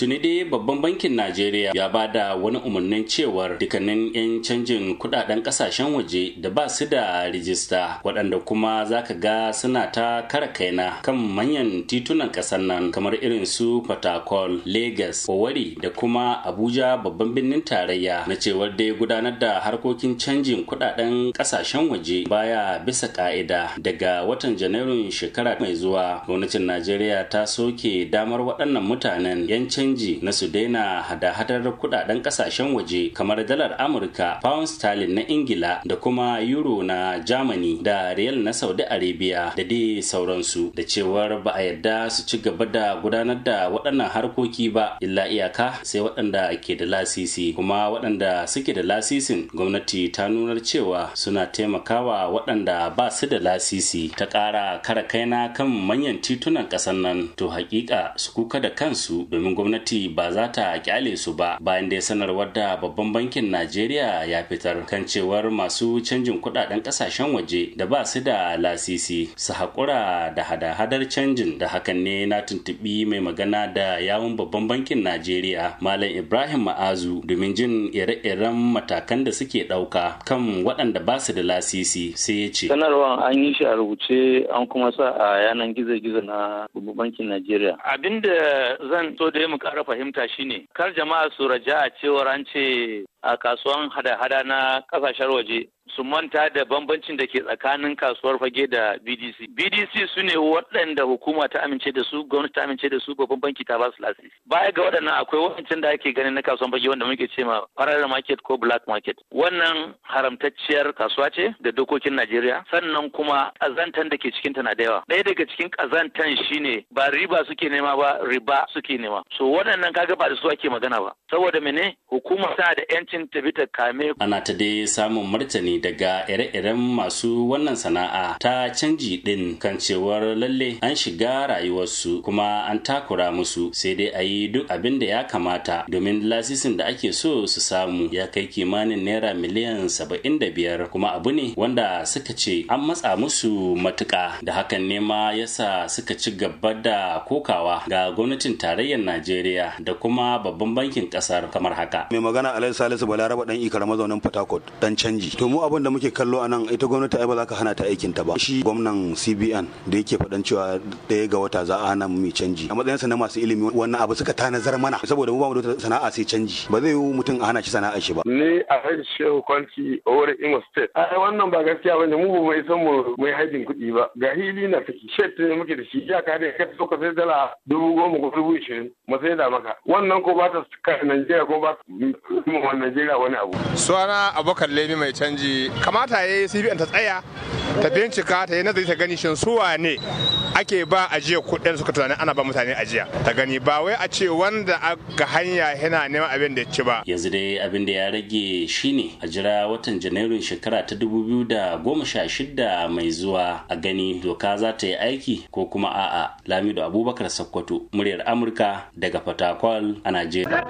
Tuni dai babban bankin Najeriya ya ba da wani umarnin cewar dukkanin 'yan canjin kudaden kasashen waje da ba su da rijista waɗanda kuma za ka ga suna ta kara kaina kan manyan titunan ƙasar nan kamar irin su Fatakol, Lagos, Owari da kuma Abuja babban birnin tarayya na cewar dai gudanar da harkokin canjin kudaden kasashen waje baya bisa ka'ida daga watan Janairun shekara mai zuwa gwamnatin Najeriya ta soke damar waɗannan mutanen 'yan canji na su daina hada-hadar kudaden kasashen waje kamar dalar amurka pound sterling na ingila da kuma euro na germany da riyal na saudi arabia da dai sauransu da cewar ba a yarda su ci gaba da gudanar da waɗannan harkoki ba illa iyaka sai waɗanda ke da lasisi kuma waɗanda suke da lasisin gwamnati ta nunar cewa suna taimakawa waɗanda ba su da lasisi ta ƙara kara kaina kan manyan titunan ƙasar nan to hakika su kuka da kansu domin gwamnati gwamnati ba za ta kyale su ba bayan da ya sanarwar da babban bankin najeriya ya fitar kan cewar masu canjin kudaden kasashen waje da ba su da lasisi su haƙura da hada-hadar canjin da hakan ne na tuntubi mai magana da yawun babban bankin najeriya malam ibrahim ma'azu domin jin ire-iren matakan da suke ɗauka kan waɗanda ba su da lasisi sai ya ce sanarwar an yi shi a rubuce an kuma sa a yanan gizo-gizo na babban bankin najeriya abinda zan so da ƙara fahimta shine kar jama'a su raja a cewar an ce a kasuwan hada-hada na ƙasashen waje su manta da bambancin da ke tsakanin kasuwar fage da BDC. BDC su ne waɗanda hukuma ta amince da su, gwamnati ta amince da su, babban banki ta ba su lasisi. Baya ga waɗannan akwai wancan da ake ganin na kasuwar fage wanda muke ce ma farar market ko black market. Wannan haramtacciyar kasuwa ce da dokokin Najeriya, sannan kuma azantan da ke cikin ta na da yawa. Ɗaya daga cikin shi shine ba riba suke nema ba, riba suke nema. So waɗannan kaga ba da su ake magana ba. Saboda mene hukuma ta da 'yancin ta bi ta kame. Ana ta dai samun martani daga ire-iren masu wannan sana'a ta canji din kan cewar lalle an shiga rayuwarsu kuma an takura musu sai dai a yi duk abin da ya kamata domin lasisin da ake so su samu ya kai kimanin naira miliyan saba'in da biyar kuma abu ne wanda suka ce an matsa musu matuka da hakan ne ma yasa suka ci gaba da kokawa ga gwamnatin tarayyar najeriya da kuma babban bankin kasar kamar haka mai magana alayhi salisu balaraba dan ikara mazaunin port harcourt dan canji to mu abin da muke kallo a nan ita gwamnati ai ba za ka hana ta aikin ta ba shi gwamnan CBN da yake faɗan cewa ɗaya ga wata za a hana mu canji a matsayinsa na masu ilimi wannan abu suka nazar mana saboda mu ba mu da sana'a sai canji ba zai yi mutum a hana shi sana'a shi ba ni a haji shehu kwanci over in State ai wannan ba gaskiya bane mu ba mai san mu mai hajin kuɗi ba ga hili na take shet ne muke da shi ya ka da ka so ka sai dala dubu goma ko dubu ishirin mu sai da maka wannan ko ba ta kai Najeriya ko ba mu Najeriya wani abu Suwana abokan Lemi mai canji kamata ya yi cbn ta tsaya ta bincika ta yi nazari ta gani shin suwa ne ake ba ajiya kuɗin suka tunanin ana ba mutane ajiya ta gani ba wai a ce wanda ga hanya yana neman abin da ya ci ba yanzu dai abin da ya rage shine a jira watan janairun shekara ta dubu biyu da goma sha shida mai zuwa a gani doka za ta yi aiki ko kuma a'a lamido abubakar sakkwato muryar amurka daga fatakwal a najeriya